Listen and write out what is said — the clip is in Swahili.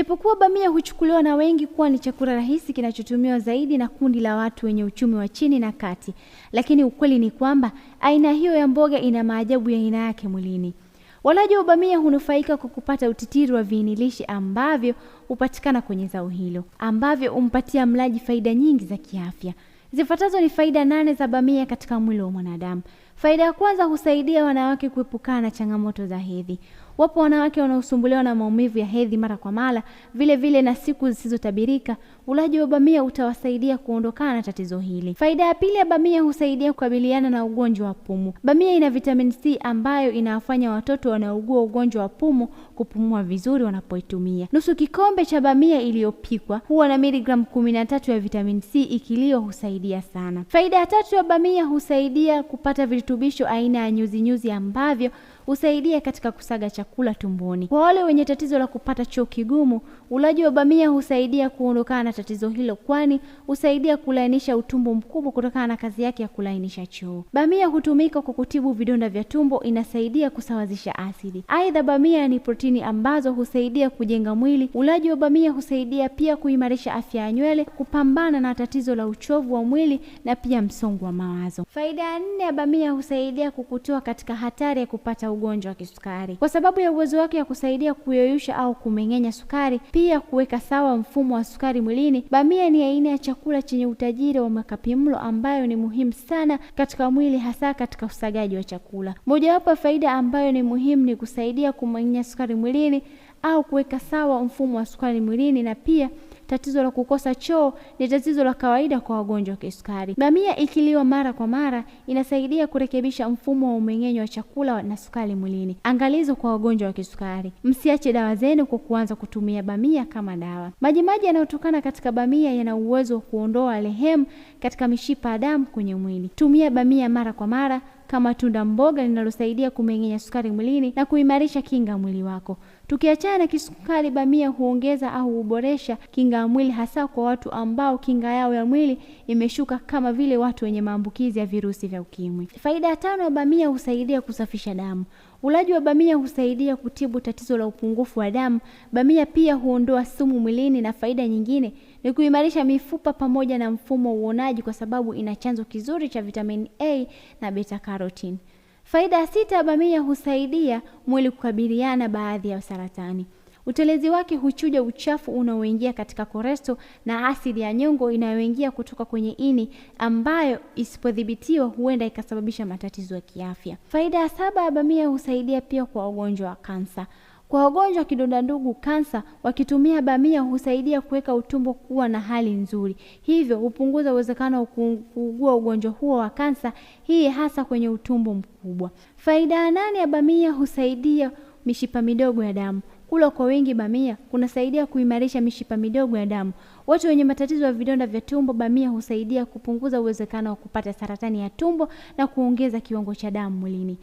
Japokuwa bamia huchukuliwa na wengi kuwa ni chakula rahisi kinachotumiwa zaidi na kundi la watu wenye uchumi wa chini na kati, lakini ukweli ni kwamba aina hiyo ya mboga ina maajabu ya aina yake mwilini. Walaji wa bamia hunufaika kwa kupata utitiri wa viinilishi ambavyo hupatikana kwenye zao hilo, ambavyo humpatia mlaji faida nyingi za kiafya. Zifuatazo ni faida nane za bamia katika mwili wa mwanadamu. Faida ya kwanza, husaidia wanawake kuepukana na changamoto za hedhi. Wapo wanawake wanaosumbuliwa na maumivu ya hedhi mara kwa mara, vile vile na siku zisizotabirika. Ulaji wa bamia utawasaidia kuondokana na tatizo hili. Faida ya pili ya bamia, husaidia kukabiliana na ugonjwa wa pumu. Bamia ina vitamini C ambayo inawafanya watoto wanaougua ugonjwa wa pumu kupumua vizuri wanapoitumia. Nusu kikombe cha bamia iliyopikwa huwa na miligramu kumi na tatu ya vitamini C, ikiliwa husaidia sana. Faida ya tatu ya bamia, husaidia kupata vitu virutubisho aina ya nyuzinyuzi ambavyo husaidia katika kusaga chakula tumboni. Kwa wale wenye tatizo la kupata choo kigumu, ulaji wa bamia husaidia kuondokana na tatizo hilo, kwani husaidia kulainisha utumbo mkubwa kutokana na kazi yake ya kulainisha choo. Bamia hutumika kwa kutibu vidonda vya tumbo, inasaidia kusawazisha asidi. Aidha, bamia ni protini ambazo husaidia kujenga mwili. Ulaji wa bamia husaidia pia kuimarisha afya ya nywele, kupambana na tatizo la uchovu wa mwili na pia msongo wa mawazo. Faida ya nne ya bamia husaidia kukutoa katika hatari ya kupata ugonjwa wa kisukari. Kwa sababu ya uwezo wake ya kusaidia kuyoyusha au kumeng'enya sukari, pia kuweka sawa mfumo wa sukari mwilini, bamia ni aina ya chakula chenye utajiri wa makapimlo ambayo ni muhimu sana katika mwili, hasa katika usagaji wa chakula. Mojawapo ya faida ambayo ni muhimu ni kusaidia kumeng'enya sukari mwilini au kuweka sawa mfumo wa sukari mwilini na pia Tatizo la kukosa choo ni tatizo la kawaida kwa wagonjwa wa kisukari. Bamia ikiliwa mara kwa mara inasaidia kurekebisha mfumo wa umeng'enyo wa chakula na sukari mwilini. Angalizo kwa wagonjwa wa kisukari, msiache dawa zenu kwa kuanza kutumia bamia kama dawa. Majimaji yanayotokana katika bamia yana uwezo wa kuondoa rehemu katika mishipa ya damu kwenye mwili. Tumia bamia mara kwa mara kama tunda mboga linalosaidia kumeng'enya sukari mwilini na kuimarisha kinga mwili wako. Tukiachana na kisukari, bamia huongeza au huboresha kinga ya mwili, hasa kwa watu ambao kinga yao ya mwili imeshuka, kama vile watu wenye maambukizi ya virusi vya ukimwi. Faida ya tano, ya bamia husaidia kusafisha damu. Ulaji wa bamia husaidia kutibu tatizo la upungufu wa damu. Bamia pia huondoa sumu mwilini, na faida nyingine ni kuimarisha mifupa pamoja na mfumo wa uonaji, kwa sababu ina chanzo kizuri cha vitamini A na beta carotene. Faida ya sita, bamia husaidia mwili kukabiliana baadhi ya saratani. Utelezi wake huchuja uchafu unaoingia katika koresto na asidi ya nyongo inayoingia kutoka kwenye ini ambayo isipodhibitiwa huenda ikasababisha matatizo ya kiafya. Faida ya saba ya bamia husaidia pia kwa ugonjwa wa kansa. Kwa wagonjwa kidonda ndugu kansa, wakitumia bamia husaidia kuweka utumbo kuwa na hali nzuri, hivyo hupunguza uwezekano wa kuugua ugonjwa huo wa kansa, hii hasa kwenye utumbo mkubwa. Faida ya nane ya bamia husaidia mishipa midogo ya damu. Kula kwa wingi bamia kunasaidia kuimarisha mishipa midogo ya damu. Watu wenye matatizo ya vidonda vya tumbo, bamia husaidia kupunguza uwezekano wa kupata saratani ya tumbo na kuongeza kiwango cha damu mwilini.